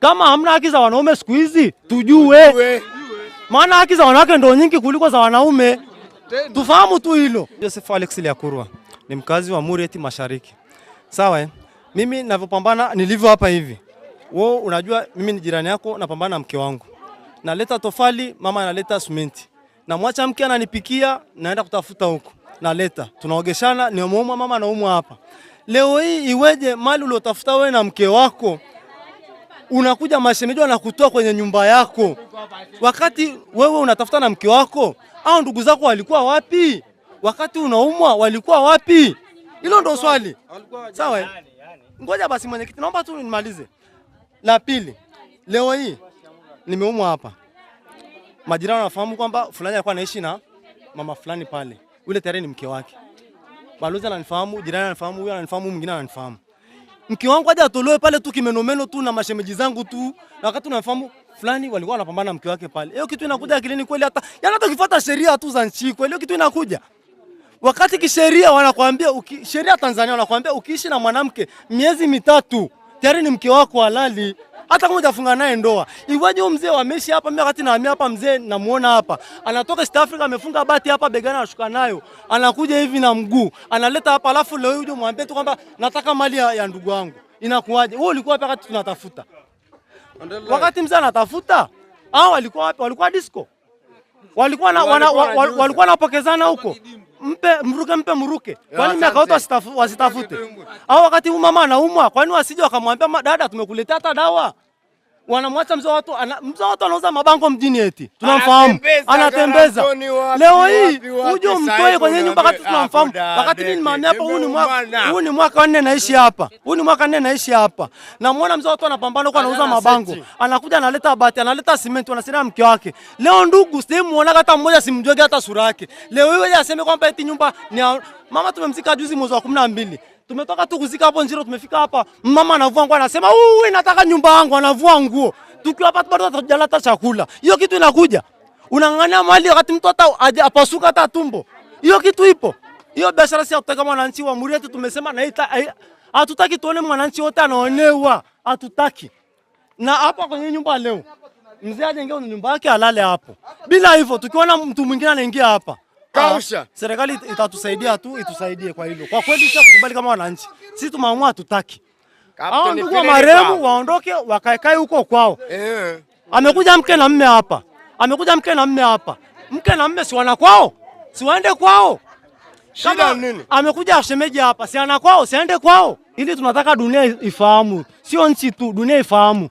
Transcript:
Kama hamna haki za wanaume siku hizi tujue, maana haki za wanawake ndio nyingi kuliko za wanaume. Tufahamu tu hilo. Joseph Alex Liakurwa ni mkazi wa Mureti Mashariki. Sawa, eh? Mimi ninavyopambana nilivyo hapa hivi. Wewe unajua mimi ni jirani yako, napambana na mke wangu. Naleta tofali, mama analeta simenti. Namwacha mke ananipikia, naenda kutafuta huko. Naleta, tunaogeshana, nimeumwa mama, naumwa hapa. Leo hii iweje mali uliotafuta wewe na mke wako unakuja mashemeji wanakutoa kwenye nyumba yako, wakati wewe unatafuta na mke wako au ndugu zako walikuwa wapi? Wakati unaumwa walikuwa wapi? Hilo ndo swali. Sawa, ngoja basi mwenyekiti, naomba tu nimalize. La pili, leo hii nimeumwa hapa, majirani wanafahamu kwamba fulani alikuwa anaishi na mama fulani pale, yule tayari ni mke wake. Balozi ananifahamu, jirani ananifahamu, huyu ananifahamu, mwingine ananifahamu mke wangu aje atolewe pale tu kimenomeno tu na mashemeji zangu tu, na wakati unafahamu fulani walikuwa wanapambana mke wake pale. Hiyo kitu inakuja akilini kweli, hata yani, hata ukifuata sheria tu za nchi kweli, hiyo kitu inakuja wakati kisheria, wanakuambia sheria Tanzania wanakuambia ukiishi na mwanamke miezi mitatu tayari ni mke wako halali hata kama hujafunga naye ndoa. Iwaje huyo mzee wameishi hapa, mimi wakati nahamia hapa, mzee namuona hapa, anatoka East Africa, amefunga bati hapa begani, anashuka nayo, anakuja hivi na mguu analeta hapa, alafu leo huyo mwambie tu kwamba nataka mali ya, ya ndugu wangu, inakuwaje? Wewe ulikuwa hapa wakati tunatafuta, wakati mzee anatafuta, au walikuwa wapi? Walikuwa disco, walikuwa na, walikuwa wanapokezana huko mpe mruke, mpe mruke. Kwani miaka yote wasitafute? Au wakati mama anaumwa, kwani wasije wakamwambia dada, tumekuletea hata dawa wanamwacha mzee mzoto ana, mzoto anauza mabango mjini, eti tunamfahamu anatembeza. Leo hii uje umtoe kwenye nyumba kati, tunamfahamu, ah, wakati mimi maana hapo, huu ni mwaka huu mwaka nne naishi hapa, huu ni mwaka nne naishi hapa. Namwona mzoto anapambana kwa anauza mabango, anakuja analeta bati, analeta simenti, anasema mke wake. Leo ndugu, simuona hata mmoja, simjue hata sura yake. Leo hii yeye aseme kwamba eti nyumba ni mama, tumemzika juzi mwezi wa 12 Tumetoka tu kuzika hapo Njiro, tumefika hapa, mama anavua nguo, anasema wewe, nataka nyumba yangu, anavua nguo. Tukiwa hapa bado hatujalata chakula. Hiyo kitu inakuja. unang'ania mali wakati mtu hata apasuka hata tumbo. Hiyo kitu ipo. Hiyo biashara si kutaka mwananchi wa Muri yetu, tumesema na ita, hatutaki tuone mwananchi wote anaonewa, hatutaki. Na hapa kwenye nyumba leo mzee ajengee nyumba yake alale hapo. Bila hivyo tukiona mtu mwingine anaingia hapa Kausha. Serikali itatusaidia tu, itusaidie kwa hilo. Kwa kweli sio kukubali kama wananchi. Sisi tumeamua tutaki. Hao ndugu wa marehemu waondoke wakaekae huko kwao. Eh. Amekuja mke na mme hapa. Amekuja mke na mme hapa. Mke na mme si wana kwao? Si waende kwao? Shida nini? Amekuja ashemeji hapa, si ana kwao, siende kwao. Ili tunataka dunia ifahamu, sio nchi tu, dunia ifahamu